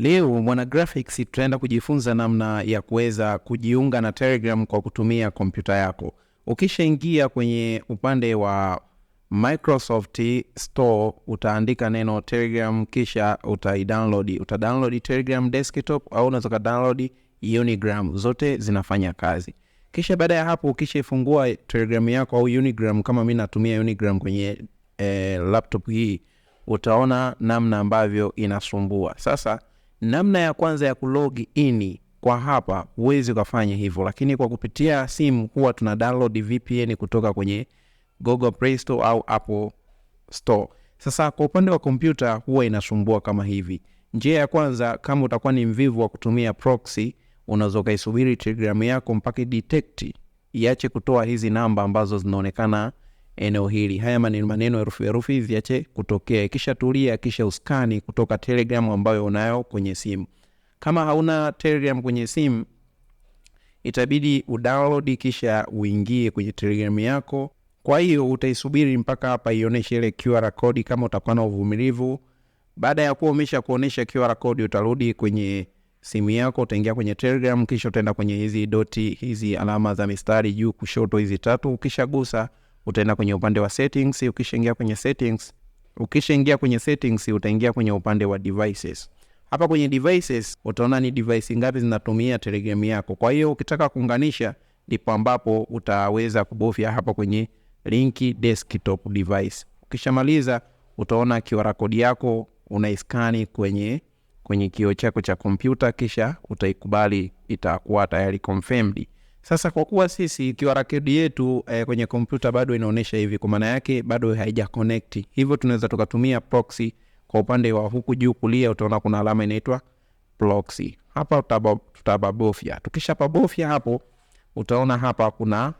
Leo mwana graphics, tutaenda kujifunza namna ya kuweza kujiunga na Telegram kwa kutumia kompyuta yako. Ukishaingia kwenye upande wa Microsoft Store utaandika neno Telegram, kisha utaidownload. Utadownload Telegram desktop au unaweza download Unigram, zote zinafanya kazi. Kisha baada ya hapo, ukishaifungua Telegram yako au Unigram, kama mimi natumia Unigram kwenye eh, laptop hii, utaona namna ambavyo inasumbua sasa Namna ya kwanza ya kulog in kwa hapa huwezi ukafanya hivyo, lakini kwa kupitia simu huwa tuna download VPN kutoka kwenye Google Play Store au Apple Store. Sasa kwa upande wa kompyuta huwa inasumbua kama hivi. Njia ya kwanza, kama utakuwa ni mvivu wa kutumia proxy, unaweza ukaisubiri Telegram yako mpaka detect iache kutoa hizi namba ambazo zinaonekana eneo hili. Haya maneno maneno herufi herufi ziache kutokea, kisha tulia, kisha uskani kutoka Telegram ambayo unayo kwenye simu. Kama hauna Telegram kwenye simu, itabidi udownload kisha uingie kwenye Telegram yako. Kwa hiyo utaisubiri mpaka hapa ionyeshe ile QR code, kama utakuwa na uvumilivu. Baada ya kuwa umesha kuonyesha QR code, utarudi kwenye simu yako, utaingia kwenye Telegram, kisha utaenda kwenye hizi doti, hizi alama za mistari juu kushoto, hizi tatu, ukishagusa utaenda kwenye upande wa settings. Ukishaingia kwenye settings, ukishaingia kwenye settings utaingia kwenye upande wa devices. Hapa kwenye devices utaona ni device ngapi zinatumia Telegram yako. Kwa hiyo ukitaka kuunganisha, ndipo ambapo utaweza kubofya hapa kwenye link desktop device. Ukishamaliza utaona QR code yako unaiskani kwenye kwenye kioo chako cha kompyuta, kisha utaikubali, itakuwa tayari confirmed. Sasa kwa kuwa sisi ikiwa code yetu eh, kwenye kompyuta bado inaonyesha hivi, kwa maana yake bado haija connect, hivyo tunaweza tukatumia proxy. Kwa upande wa huku juu kulia utaona kuna alama inaitwa proxy, hapa tutababofya. Tukishapabofya hapo, utaona hapa kuna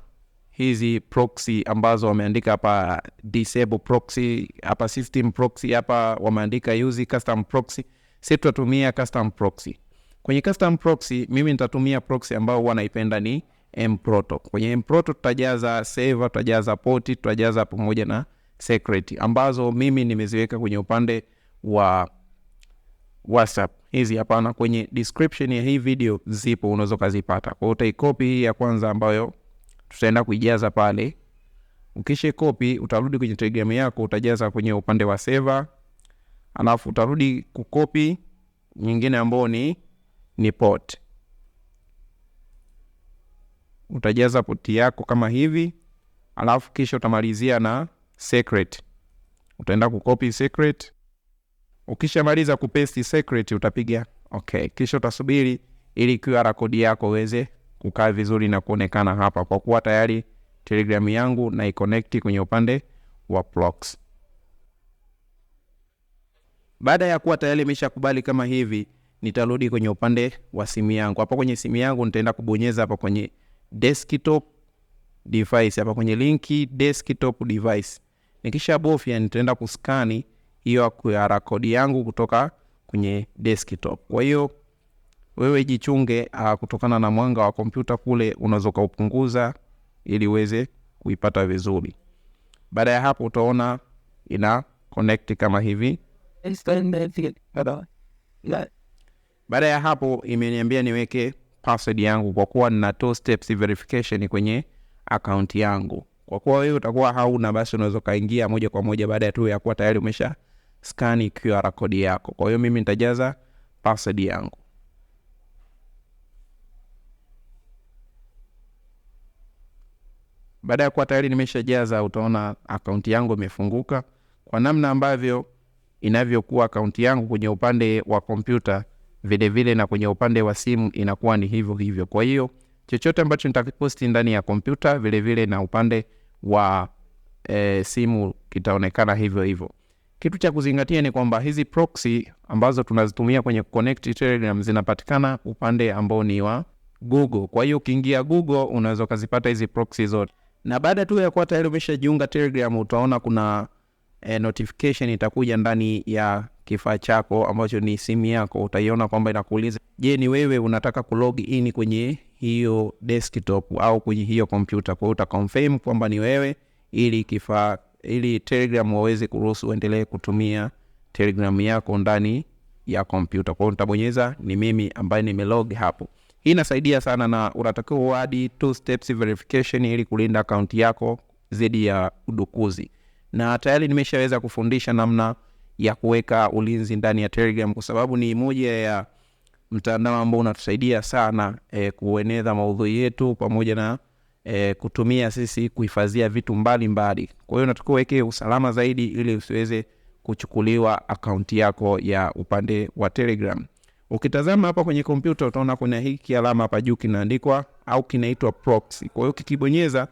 hizi proxy ambazo wameandika hapa disable proxy, hapa system proxy, hapa wameandika use custom proxy. Sisi tutatumia custom proxy. Kwenye custom proxy mimi nitatumia proxy ambayo huwa naipenda ni mproto. Kwenye mproto tutajaza server, tutajaza poti, tutajaza pamoja na secret ambazo mimi nimeziweka kwenye upande wa WhatsApp. Hizi hapana, kwenye description ya hii video zipo, unaweza ukazipata. Kwa hiyo utaikopi hii ya kwanza ambayo tutaenda kuijaza pale. Ukisha copy utarudi kwenye Telegram yako, utajaza kwenye upande wa server, alafu utarudi kukopi nyingine ambayo ni ni port. Utajaza port yako kama hivi, alafu kisha utamalizia na secret. Utaenda kukopi secret. Ukishamaliza kupesti secret utapiga okay, kisha utasubiri ili QR code yako uweze kukaa vizuri na kuonekana hapa, kwa kuwa tayari Telegram yangu na iconnect kwenye upande wa Prox. Baada ya kuwa tayari imeshakubali kama hivi nitarudi kwenye upande wa simu yangu. Hapo kwenye simu yangu nitaenda kubonyeza hapa kwenye desktop device, hapa kwenye link desktop device. Nikisha bofya nitaenda kuskani hiyo QR code yangu kutoka kwenye desktop. Kwa hiyo wewe jichunge, uh, kutokana na mwanga wa kompyuta kule unaweza kaupunguza ili uweze kuipata vizuri. Baada ya hapo utaona ina connect kama hivi. Baada ya hapo imeniambia niweke password yangu kwa kuwa nina two steps verification kwenye akaunti yangu. Kwa kuwa wewe utakuwa hauna, basi unaweza kaingia moja kwa moja baada ya tu ya kuwa tayari umesha scan QR code yako. Kwa hiyo mimi nitajaza password yangu. Baada ya kuwa tayari nimeshajaza, utaona akaunti yangu imefunguka kwa namna ambavyo inavyokuwa akaunti yangu kwenye upande wa kompyuta vilevile na kwenye upande wa simu inakuwa ni hivyo hivyo. Kwa hiyo chochote ambacho nitakiposti ndani ya kompyuta vile vile na upande wa e, simu kitaonekana hivyo hivyo. Kitu cha kuzingatia ni kwamba hizi proxy ambazo tunazitumia kwenye connect Telegram zinapatikana upande ambao ni wa Google. Kwa hiyo ukiingia Google unaweza kuzipata hizi proxy zote, na baada tu ya kuwa tayari umeshajiunga Telegram utaona kuna e, notification itakuja ndani ya kifaa chako ambacho ni simu yako, utaiona kwamba inakuuliza, je, ni wewe unataka ku kwenye hiyo desktop au kwenye hiyo kompyuta. Kwa hiyo utaconfirm kwamba ni wewe, ili kifaa ili Telegram waweze kuruhusu uendelee kutumia Telegram yako ndani ya kompyuta. Kwa hiyo nitabonyeza ni mimi ambaye nimelog hapo. Hii inasaidia sana, na unatakiwa uadi two steps verification ili kulinda akaunti yako dhidi ya udukuzi, na tayari nimeshaweza kufundisha namna ya kuweka ulinzi ndani ya Telegram, kwa sababu ni moja ya mtandao ambao unatusaidia sana e, kueneza maudhui yetu pamoja na e, kutumia sisi kuhifadhia vitu mbalimbali. Kwa hiyo natakiwa uweke usalama zaidi ili usiweze kuchukuliwa akaunti yako ya upande wa Telegram. Ukitazama hapa kwenye kompyuta utaona kuna hiki alama hapa juu kinaandikwa au kinaitwa proxy. Kwa hiyo kikibonyeza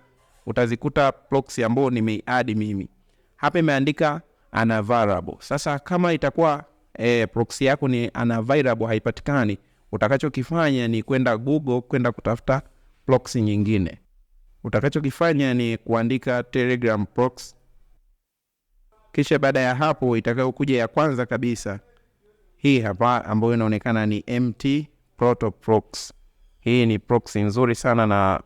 utazikuta proxy ambayo nimeiadi mimi. Hapa imeandika ana Sasa kama itakuwa e, proxy yako ni ana haipatikani, utakachokifanya ni kwenda Google kwenda kutafuta proxy nyingine. Utakachokifanya ni kuandika Telegram proxy, kisha baada ya hapo itakayokuja ya kwanza kabisa hii hapa ambayo inaonekana ni MT Proto Proxy. Hii ni proxy nzuri sana na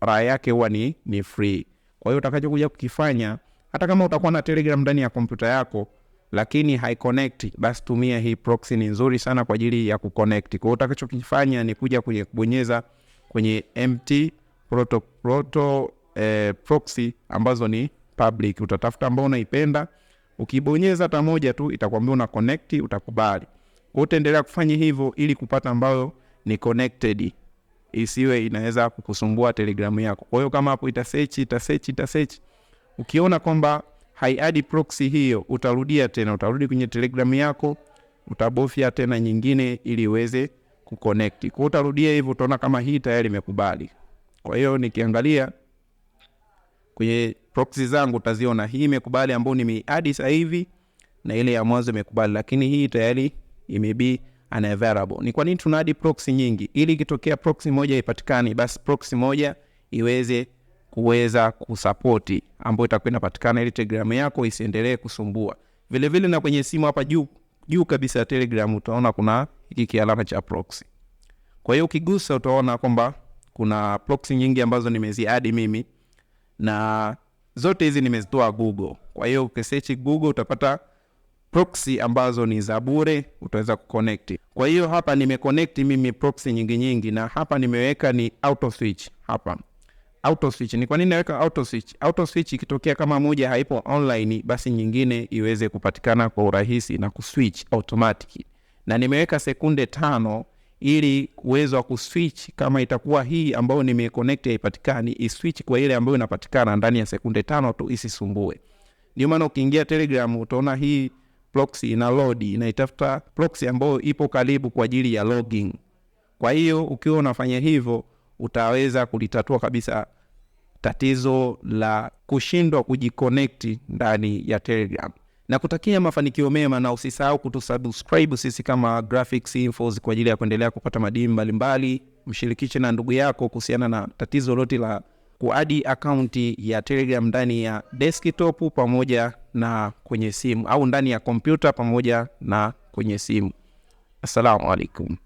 raha yake huwa ni, ni free. Kwa hiyo utakachokuja kukifanya hata kama utakuwa na Telegram ndani ya kompyuta yako lakini haiconnect, basi tumia hii proxy, ni nzuri sana kwa ajili ya kuconnect. Kwa hiyo utakachokifanya ni kuja kwenye kubonyeza kwenye MT proto, proto, eh, proxy ambazo ni public, utatafuta ambao unaipenda. Ukibonyeza hata moja tu itakwambia una connect, utakubali. Kwa utaendelea kufanya hivyo ili kupata ambayo ni connected, isiwe inaweza kukusumbua telegramu yako. Kwa hiyo kama hapo itasechi itasechi itasearch Ukiona kwamba haiadi proxy hiyo, utarudia tena, utarudi kwenye telegram yako, utabofya tena nyingine ili iweze kuconnect. Kwa utarudia hivyo, utaona kama hii tayari imekubali. Kwa hiyo nikiangalia kwenye proxy zangu utaziona hii imekubali ambayo nimeadi sasa hivi na ile ya mwanzo imekubali, lakini hii tayari imebi unavailable. Ni kwa nini tunaadi proxy nyingi? Ili ikitokea proxy moja ipatikane, basi proxy moja iweze kuweza kusapoti ambayo itakuwa inapatikana ili Telegram yako isiendelee kusumbua. Vile vile na kwenye simu hapa juu juu kabisa ya Telegram utaona kuna hiki kialama cha proxy. Kwa hiyo ukigusa utaona kwamba kuna proxy nyingi ambazo nimeziadi mimi na zote hizi nimezitoa Google. Kwa hiyo ukisearch Google utapata proxy ambazo ni za bure utaweza kuconnect. Kwa hiyo hapa nimeconnect mimi proxy nyingi nyingi na hapa nimeweka ni auto switch hapa auto switch. Ni kwa nini naweka auto switch? Auto switch ikitokea kama moja haipo online, basi nyingine iweze kupatikana kwa urahisi na kuswitch automatic, na nimeweka sekunde tano ili uwezo wa kuswitch kama itakuwa hii ambayo nimeconnect haipatikani, iswitch kwa ile ambayo inapatikana ndani ya sekunde tano tu, isisumbue. Ndio maana ukiingia Telegram utaona hii proxy ina load, inaitafuta proxy ambayo ipo karibu kwa ajili ya logging. Kwa hiyo ukiwa unafanya hivyo utaweza kulitatua kabisa tatizo la kushindwa kujikonekti ndani ya Telegram na kutakia mafanikio mema, na usisahau kutusubscribe sisi kama Graphics Infos kwa ajili ya kuendelea kupata madini mbalimbali. Mshirikishe na ndugu yako kuhusiana na tatizo lote la kuadi akaunti ya Telegram ndani ya desktop pamoja na kwenye simu au ndani ya kompyuta pamoja na kwenye simu. Assalamu alaikum.